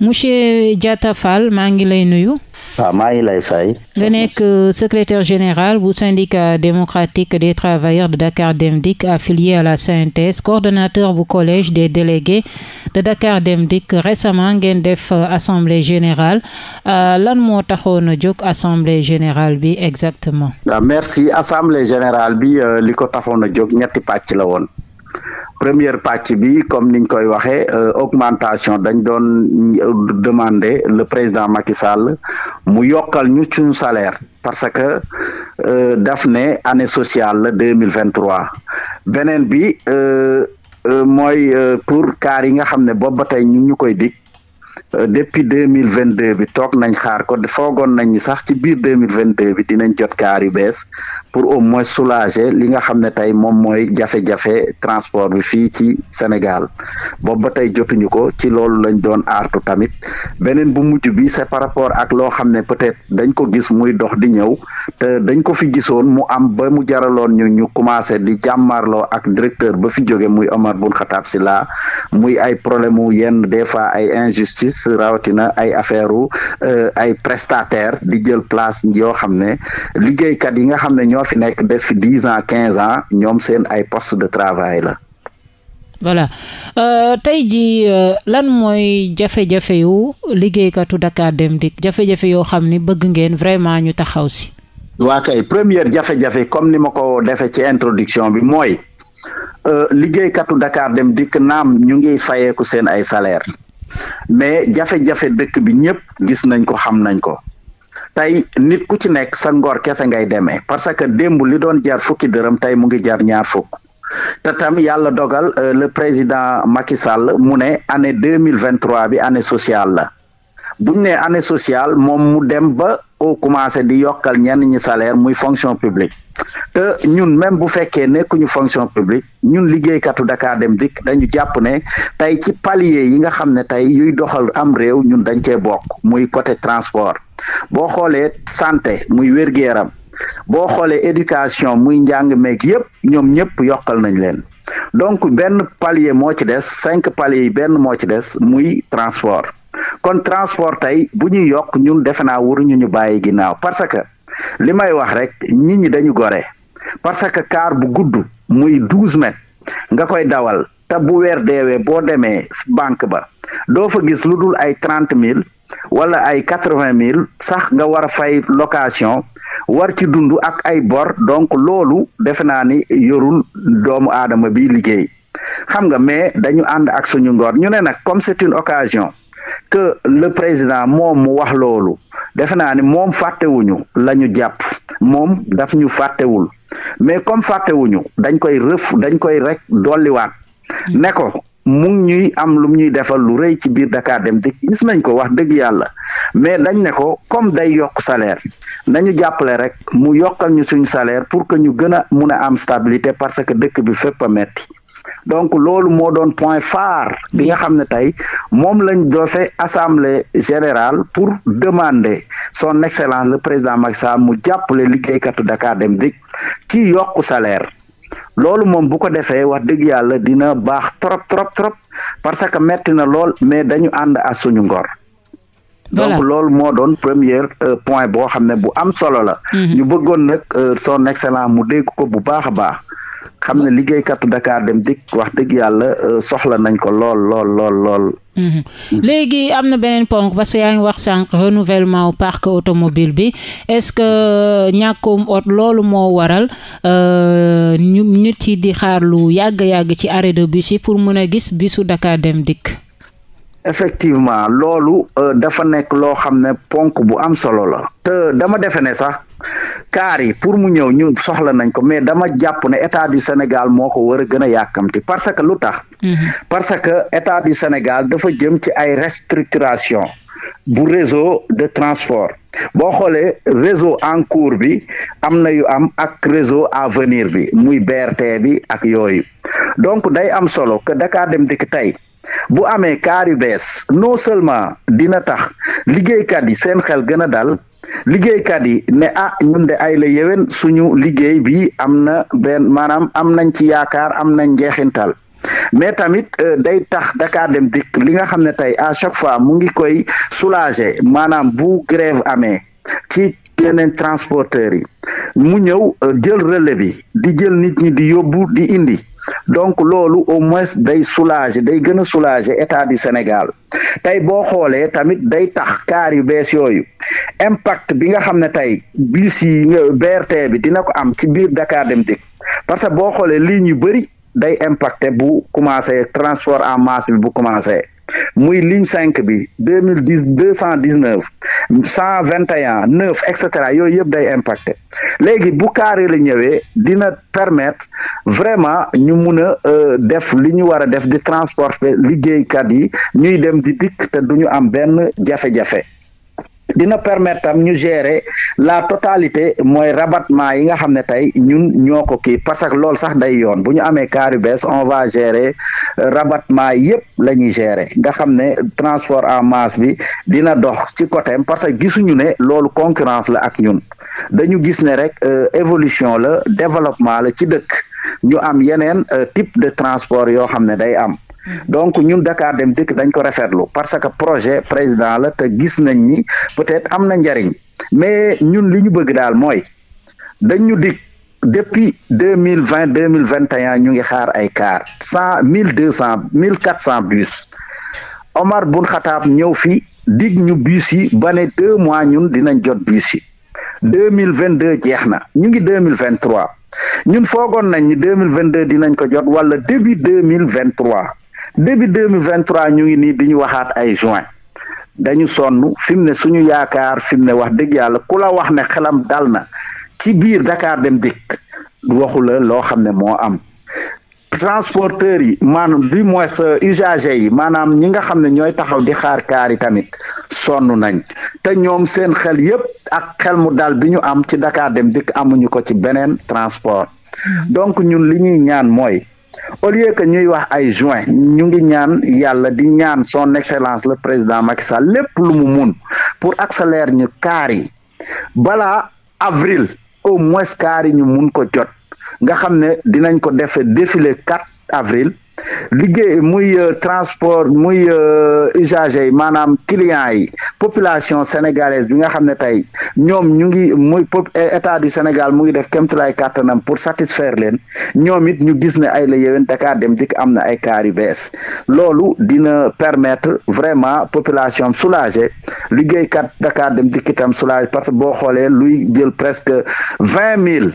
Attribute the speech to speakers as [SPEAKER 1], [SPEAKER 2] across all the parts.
[SPEAKER 1] monsieur Diatta Fall maa ngi lay nuyu.
[SPEAKER 2] waaw ah, maa lay fay.
[SPEAKER 1] nga euh, secrétaire général bu syndicat démocratique des travailleurs de Dakar Dem Dikk à la CNTS coordonnateur bu collège des délégués de Dakar Dem Dikk récemment ngeen def général euh, générale euh, lan moo taxoon a jóg assemblée générale bi exactement.
[SPEAKER 2] Ah, merci assemblée générale bi li taxoon a jóg ñetti pàcc la woon. première pàcc bi comme niñ koy waxee euh, augmentation dañ doon euh, demander le président Macky Sall mu yokkal ñu suñu salaire parce que euh, daf ne année sociale la deux mille vingt trois beneen bi mooy pour kaar yi nga xam ne boobu ba tey ñu ñu koy dig Euh, depuis deux mille vingt deux bi toog nañ xaar ko foogoon nañ sax ci biir deux mille vingt deux bi dinañ jot kaar yu bees pour au moins soulager li nga xam ne tey moom mooy jafe-jafe transport bi fii ci Sénégal boobu ba tey jotuñu ko ci loolu lañ doon aartu tamit beneen bu mujj bi c'est par rapport ak loo xam ne peut-être dañ ko gis muy dox di ñëw te dañ ko fi gisoon mu am ba mu jaraloon ñu ñu commencé di jàmmarloo ak directeur ba fi jóge muy Omar Boun Khattab Sylla muy ay problème wu yenn des fois ay injustice justice rawatina ay affaire euh, ay prestataire di jël place yoo xam ne liggéeykat yi nga xam ne ñoo fi nekk def dix ans quinze ans ñoom seen ay post de travail la
[SPEAKER 1] voilà euh, tey ji euh, lan mooy jafe-jafe yu liggéeykatu Dakar Dem Dikk jafe-jafe yoo xam ni bëgg ngeen vraiment ñu taxaw si
[SPEAKER 2] waa kay première jafe-jafe comme ni ma ko defee ci introduction bi mooy euh, liggéeykatu Dakar Dem Dikk naam ñu ngi fayeeku seen ay salaire mais jafe-jafe dëkk bi ñëpp gis nañ ko xam nañ ko tey nit ku ci nekk sa ngor kese ngay demee parce que démb li doon jar fukki dërëm tey mu ngi jar ñaar fukk te tam yàlla dogal euh, le président Macky Sall mu ne année deux mille vingt bi année sociale la buñ année sociale moom mu dem ba au commencé di yokkal ñenn ñi salaire muy fonction publique te ñun même bu fekkee nekkuñu fonction publique ñun liggéeykatu Dakar Dem Dikk dañu jàpp ne tey ci palier yi nga xam ne tey yuy doxal am réew ñun dañ cee bokk muy côté transport boo xoolee santé muy wér-gu-yaram boo xoolee éducation muy njàng meeg yépp ñoom ñépp yokkal nañ leen donc benn palier moo ci des cinq paliers yi benn moo ci des muy transport kon transport tey bu ñuy yokk ñun defe naa waruñu ñu bàyyi ginnaaw parce que li may wax rek nit ñi dañu gore parce que car bu gudd muy douze mètres nga koy dawal te bu weer deewee boo demee banque ba doo fa gis lu dul ay trente mille wala ay quatre vingt mille sax nga war a fay location war ci dund ak ay bor donc loolu defe naa ni yorul doomu aadama bi liggéey xam nga mais dañu ànd ak suñu ngor ñu ne nag comme c'est une occasion que le président moom mu wax loolu defe naa ni moom fàttewuñu la ñu jàpp moom daf fàttewul mais comme fàttewuñu dañ koy rëf dañ koy rek dolliwaat hmm. ne ko mu ñuy am lu ñuy defal lu rëy ci biir Dakar dem dikk gis nañ ko wax dëgg yàlla mais dañ ne ko comme day yokk salaire nañu jàppale rek mu yokkal ñu suñu salaire pour que ñu gën a mun a am stabilité parce que dëkk bi fépp metti donc loolu moo doon point phare bi nga xam ne tey moom lañ dofe assemblée générale pour demande son excellence le président Macky Sall mu jàppale liggéeykatu Dakar dem dikk ci yokku salaire loolu moom bu ko defee wax dëgg yàlla dina baax trop trop trop parce que metti na lool mais dañu ànd ak suñu ngor. Voilà. donc loolu moo doon premier euh, point boo xam ne bu am solo la. Mm-hmm. ñu mm son excellence mu dégg ko bu baax a baax. xam ne liggéeykatu Dakar dem dikk wax dëgg yàlla euh, soxla nañ ko lool lool lool lool.
[SPEAKER 1] Mhm. léegi am na beneen ponk parce que yaa ngi wax sànq renouvellement parc automobile bi est-ce que euh, ñàkkum ot loolu moo waral euh, ñu nit di xaar lu yàgg-yàgg ci arrêt de bus pour mën a gis bisu Dakar dem dikk.
[SPEAKER 2] effectivement loolu euh, dafa nekk loo xam ne ponk bu am solo la te dama defe ne sax kaar yi pour mu ñëw ñu soxla nañ ko mais dama jàpp ne état du Sénégal moo ko war a gën a yàkkamti parce que lu tax mm-hmm. parce que état du Sénégal dafa jëm ci ay restructuration bu réseau de transport boo xoolee réseau en cours bi am na yu am ak réseau à venir bi muy BRT bi ak yooyu donc day am solo que Dakar Dem Dikk tey bu amee kaar yu bees non seulement dina tax liggéeykat yi seen xel gën a dal liggéeykat yi ne ah ñun de ay la yéwén suñu liggéey bi am na benn maanaam am nañ ci yaakaar am nañ njeexintal mais tamit euh, day tax Dakar Dem Dikk li nga xam ne tey à chaque fois mu ngi koy soulager maanaam bu grève amee ci yeneen transporteurs yi mu ñëw euh, jël relais bi di jël nit ñi di yóbbu di indi donc loolu au moins day soulager day gën a soulager état du Sénégal tey boo xoolee tamit day tax kaar yu bees yooyu impact bi nga xam ne tey bus yi BRT bi dina ko am ci biir Dakar dem dikk parce que boo xoolee lignes yu bëri day impacté bu commencé transport en masse bi bu commencé muy ligne cinq bi deux mille dix deux cent dix neuf cent vingt et un et cetera yooyu yëpp day impacté léegi bu carré la ñëwee dina permettre vraiment ñu mun a euh, def li ñu war a def di transporter liggéeykat yi ñuy dem di dikk te du ñu am benn jafe-jafe dina permettre ñu gérer la totalité mooy rabatement yi nga xam ne tey ñun ñoo ko kii parce que loolu sax day yoon bu ñu amee kaar yu bees on va gérer euh, rabattement yëpp la ñuy gérer nga xam ne transport en masse bi dina dox ci côté parce que gisuñu ne loolu concurrence la ak ñun dañu gis ne rek euh, évolution la développement la ci dëkk ñu am yeneen euh, type de transport yoo xam ne day am donc ñun Dakar dem dikk dañ ko rafetlu parce que projet président la te gis nañ ni peut-être am na njariñ mais ñun li ñu bëgg daal mooy dañ ñu dikk depuis deux mille vingt deux mille vingt et ñu ngi xaar ay car cent mille deux cent mille quatre cent bus Omar Bun Khattab ñëw fi dig ñu bus yi ba deux mois ñun dinañ jot bus yi deux mille vingt deux jeex na ñu ngi deux mille vingt ñun foogoon nañ ni deux mille vingt deux dinañ ko jot wala début deux mille vingt trois début deux mille vingt trois ñu ngi nii di ñu waxaat ay juin dañu sonn fim ne suñu yaakaar fi ne wax dëgg yàlla ku la wax ne xelam dal na ci biir Dakar dem dikk waxu la loo xam ne moo am transporteurs yi maanaam du moins euh, usagers yi maanaam ñi nga xam ne ñooy taxaw di xaar kaar tamit sonn nañ te ñoom seen xel yépp ak xel mu dal bi ñu am ci Dakar dem dikk amuñu ko ci beneen transport mm-hmm. donc ñun li ñuy ñaan mooy au lieu que ñuy wax ay juin ñu ngi ñaan yàlla di ñaan son excellence la président Macky Sall lépp lu mu mun pour accélérer ñu kaar bala balaa avril au moins kaar ñu mun ko jot nga xam ne dinañ ko defe défilé 4 avril liggéey muy euh, transport muy euh, usagers yi maanaam clients yi population sénégalaise bi nga xam ne tey ñoom ñu ngi muy état du Sénégal mu ngi def kéemtulaay kàttanam pour satisfaire leen ñoom it ñu gis ne ay la yéwén Dakar dem dikk am na ay kaar yu bees loolu dina permettre vraiment population soulagée liggéeykat Dakar dem dikk itam parce que boo xoolee luy jël presque vingt milles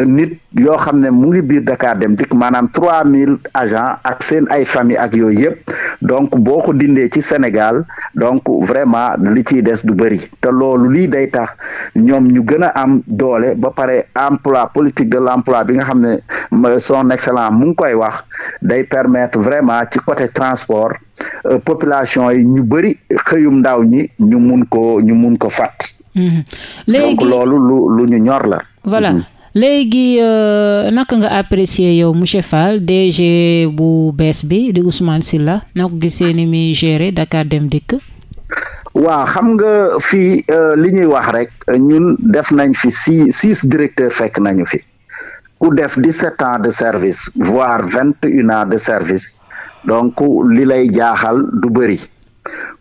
[SPEAKER 2] nit yoo xam ne mu ngi biir Dakar dem dikk maanaam trois mille agent ak seen ay famille ak yooyu yëpp donc boo ko dindee ci Sénégal donc vraiment li ciy des du bëri te loolu lii day tax ñoom ñu gën a am doole ba pare emploi politique de l'emploi bi nga xam ne son excellence mu ngi koy wax day permettre vraiment ci côté transport euh, population yi ñu bëri xëyum ndaw ñi ñu mun ko ñu mun ko fàtt. Mm-hmm. léegi loolu lu ñu ñor la. Mm-hmm.
[SPEAKER 1] léegi euh, naka nga apprécier yow monsieur Fall DG bu bees bi di Ousmane Sylla na ko gisee ni muy gérer Dakar Dem Dikk
[SPEAKER 2] waaw xam nga fii euh, li ñuy wax rek ñun def nañ fi six six directeurs fekk nañu fi ku def dix-sept ans de service voire vingt et ans de service donc li lay jaaxal du bëri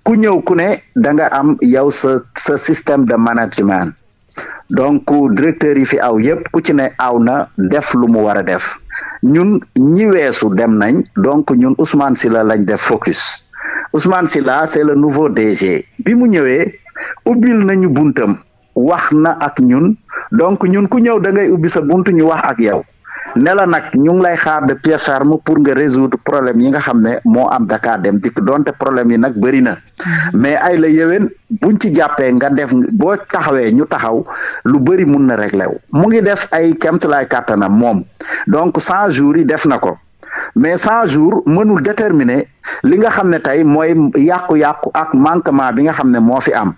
[SPEAKER 2] ku ñëw ku ne da nga am yow sa sa système de management donc directeur yi fi aw yépp ku ci ne aw na def lu mu war a def ñun ñi weesu dem nañ donc ñun Ousmane Sylla lañ def focus Ousmane Sylla c'est le nouveau DG bi mu ñëwee ubbil nañu buntam wax na ak ñun donc ñun ku ñëw da ngay ubbi sa bunt ñu wax ak yow ne la nag ñu ngi lay xaar de pied ferme pour nga résoudre problème yi nga xam ne moo am Dakar dem dikk donte problème yi nag bëri na mm-hmm. mais ay la yewen buñ ci jàppee nga def boo taxawee ñu taxaw lu bëri mun na réglé wu mu ngi def ay kemt lay kàttanam moom donc cent jours yi def na ko mais cent jours mënul déterminer li nga xam ne tey mooy yàqu-yàqu ak manquement bi nga xam ne moo fi am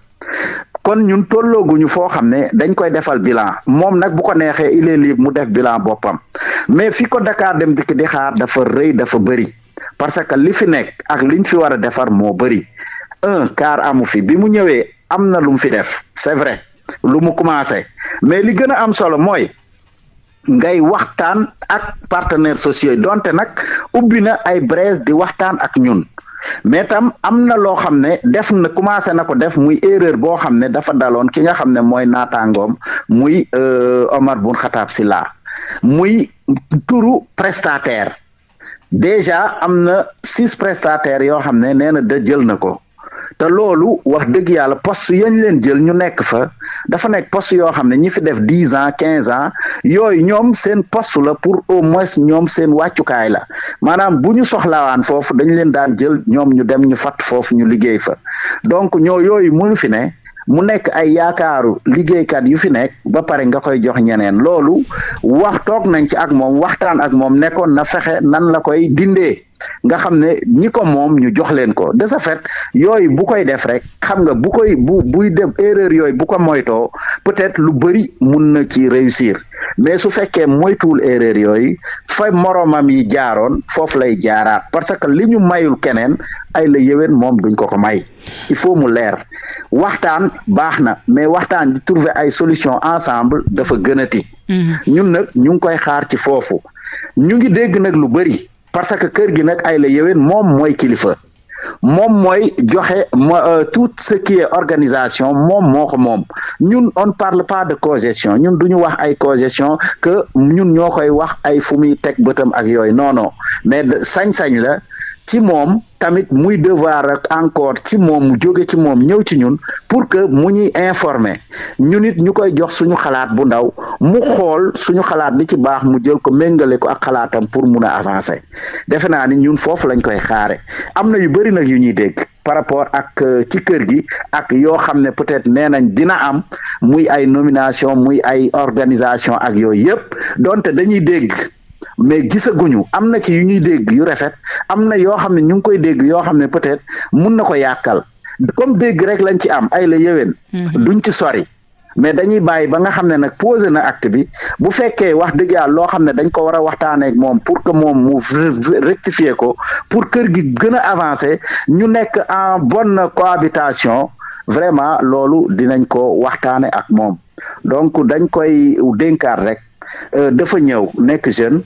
[SPEAKER 2] kon ñun tollooguñu foo xam ne dañ koy defal bilan moom nag bu ko neexee il est mu def bilan boppam mais fi ko Dakar dem dikk di xaar dafa rëy dafa bëri parce que li fi nekk ak liñ fi war a defar moo bëri un car amu fi bi mu ñëwee am na lu mu fi def c'est vrai lu mu commencé mais li gën a am solo mooy ngay waxtaan ak partenaires sociaux donte nag ubbi na ay brèche di waxtaan ak ñun mais tam am na loo xam ne def na commencé na ko def muy erreur boo xam ne dafa daloon ki nga xam ne mooy naataangoom muy euh, Omar Boun Khattab Silla muy turu prestataire déjà am na six prestataires yoo xam ne nee na de jël na ko te loolu wax dëgg yàlla poste yañ leen jël ñu nekk fa dafa nekk post yoo xam ne ñi fi def dix ans quinze ans yooyu ñoom seen poste la pour au moins ñoom seen wàccukaay la maanaam bu ñu soxlawaan foofu dañ leen daan jël ñoom ñu dem ñu fat foofu ñu liggéey fa donc ñoo yooyu mënu fi ne mu nekk ay yaakaaru liggéeykat yu fi nekk ba pare nga koy jox ñeneen loolu wax toog nañ ci ak moom waxtaan ak moom nekkoon na fexe nan la koy dindee nga xam ne ñi ko moom ñu jox leen ko de ce fait yooyu bu koy def rek xam nga bu koy bu buy def erreur yooyu bu ko moytoo peut-être lu bëri mun na ci réussir mais su fekkee moytuwul erreur yooyu fa moromam yi jaaroon foofu lay jaaraat parce que li ñu mayul keneen ay la yéwén moom duñ ko ko may il faut mu leer waxtaan baax na mais waxtaan di trouver ay solution ensemble dafa gënati mhm. ñun nag ñu ngi koy xaar ci foofu ñu ngi dégg nag lu bëri parce que kër gi nag ay la yéwén moom mooy kilifa moom mooy joxe ma euh, tout ce qui est organisation moom moo ko moom ñun on parle pas de cogestion ñun du ñu wax ay cogestion que ñun ñoo koy wax ay fu muy teg bëtam ak yooyu non mais sañ-sañ la ci moom tamit muy devoir ak encore ci moom mu jóge ci moom ñëw ci ñun pour que mu ñuy informer ñun it ñu koy jox suñu xalaat bu ndaw mu xool suñu xalaat li ci baax mu jël ko méngale ko ak xalaatam pour mun a avancer defe naa ni ñun foofu lañ koy xaare am na yu bëri nag yu ñuy dégg par rapport ak euh, ci kër gi ak yoo xam ne peut-être nee nañ dina am muy ay nomination muy ay organisation ak yooyu yëpp donte dañuy dégg mais gisaguñu am na ci yu ñuy dégg yu rafet am na yoo xam ne ñu ngi koy dégg yoo xam ne peut-être mun na ko yàqal comme dégg rek lañ ci am ay la yéwén. Mhm. duñ ci sori. mais dañuy bàyyi ba nga xam ne nag posé na acte bi bu fekkee wax dëgg yàlla loo xam ne dañ ko war a waxtaanee moom pour que moom mu rectifier ko pour kër gi gën a avancé ñu nekk en bonne cohabitation vraiment loolu dinañ ko waxtaane ak moom donc dañ koy dénkaat rek euh, dafa ñëw nekk jeune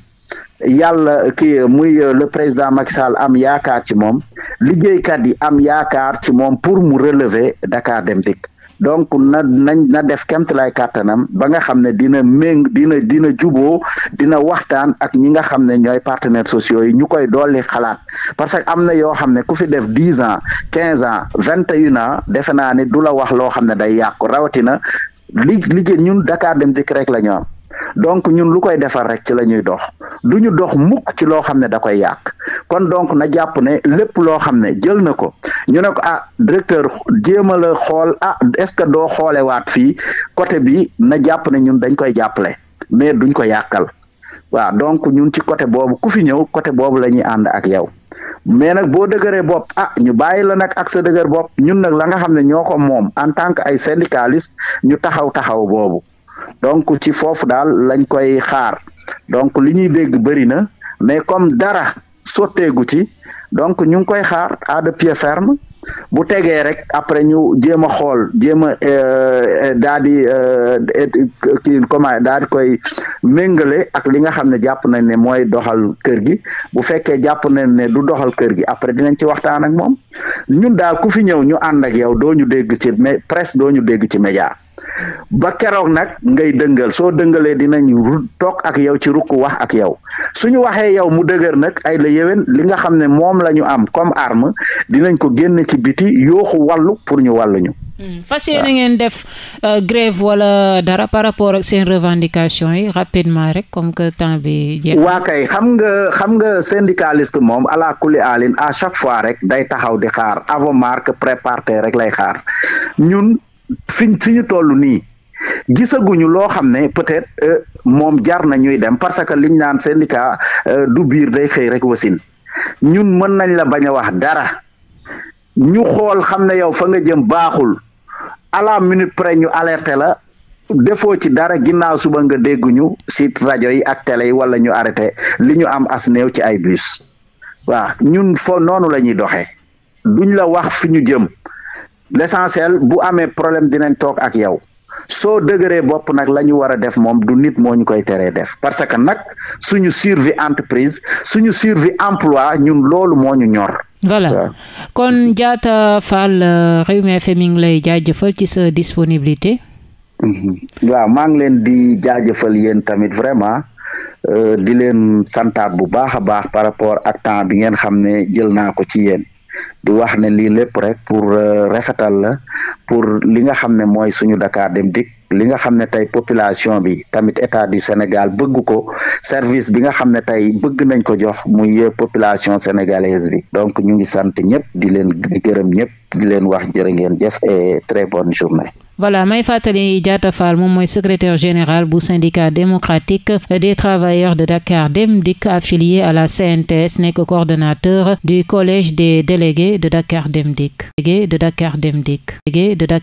[SPEAKER 2] yàlla kii muy euh, le président Macky Sall am yaakaar ci moom liggéeykat yi am yaakaar ci moom pour mu relever Dakar Dem Dikk donc na nañ na def kemt lay kàttanam ba nga xam ne dina méng dina dina juboo dina waxtaan ak ñi nga xam ne ñooy partenaire sociaux yi ñu koy dolli xalaat parce que am na yoo xam ne ku fi def dix ans quinze ans vingt et un ans defe naa ne du la wax loo xam ne day yàqu rawatina li liggéey ñun Dakar Dem Dikk rek la ñu am donc ñun lu koy defar rek ci la ñuy dox du ñu dox mukk ci loo xam ne da koy yàq kon donc na jàpp ne lépp loo xam ne jël na ko ñu ne ko ah directeur jéem a la xool ah est-ce que doo xoole waat fii côté bi na jàpp ne ñun dañ koy jàppale mais duñ ko yàqal waaw donc ñun ci côté boobu ku fi ñëw côté boobu la ñuy ànd ak yow mais nag boo dëgëree bopp ah ñu bàyyi la nag ak sa dëgër bopp ñun nag la nga xam ne ñoo ko moom en tant que ay syndicaliste ñu taxaw taxaw boobu donc ci foofu daal lañ koy xaar donc li ñuy dégg bëri na mais comme dara sotteegu ci donc ñu ngi koy xaar à de ferme bu tegee rek après ñu jéem a xool jéem a euh, euh, daal di euh, kii comment daal di koy méngale ak li nga xam ne jàpp nañ ne mooy doxal kër gi bu fekkee jàpp nañ ne du doxal kër gi après dinañ ci waxtaan ak moom ñun daal ku fi ñëw ñu ànd ak yow doo dégg ci mais presse doo dégg ci média ba keroog nag ngay dëngal soo dëngalee dinañ toog ak yow ci rukk wax ak yow ñu waxee yow mu dëgër nag ay la yéwén li nga xam ne moom la ñu am comme arme dinañ ko génne ci biti yooxu wàllu pour ñu wàlluñu
[SPEAKER 1] Hmm. ngeen def uh, grève wala dara par rapport ak seen revendication yi rapidement rek comme que temps bi jeex waa
[SPEAKER 2] xam nga xam nga syndicaliste moom ala kulli alin à chaque fois rek day taxaw di xaar avant marque pré rek lay xaar ñun fi fi ñu toll nii gisaguñu loo xam ne peut-être euh, moom jar na ñuy dem parce que liñ naan syndicat euh, du biir day xëy rek wasin ñun mën nañ la bañ a wax dara ñu xool xam ne yow fa nga jëm baaxul à la minute ñu alerté la defoo ci dara ginnaaw suba nga dégguñu ci rajo yi ak télé wala ñu arrêté li ñu am as ci ay bus waaw ñun fo noonu la ñuy doxee duñ la wax fu ñu jëm l'essentiel bu amee problème dinañ toog ak yow soo dëgëree bopp nag la ñu war a def moom du nit moo ñu koy teree def parce que nag suñu survi entreprise suñu survie emploi ñun loolu moo ñu ñor. voilà ouais.
[SPEAKER 1] kon Diatta Fall euh, Rewmi FM ngi lay jaajëfal ci sa disponibilité.
[SPEAKER 2] Mhm. waaw maa ngi leen di jaajëfal yéen tamit vraiment euh, di leen santaat bu baax a baax par rapport ak temps bi ngeen xam ne jël naa ko ci yéen. di wax ne lii lépp rek pour euh, rafetal la pour li nga xam ne mooy suñu Dakar dem dikk li nga xam ne tey population bi tamit état du Sénégal bëgg ko service bi nga xam ne tey bëgg nañ ko jox muy euh, population sénégalaise bi donc ñu ngi sant ñëpp di leen gërëm ñëpp di leen wax jërë ngeen jëf et très bonne journée.
[SPEAKER 1] voilà may fàttali Diatta Fall moom mooy secrétaire général bu syndicat démocratique des travailleurs de Dakar Dem Dikk à la CNTS nekk coordonnateur du collège des délégués de Dakar Dem de Dakar Dem Dikk délégué de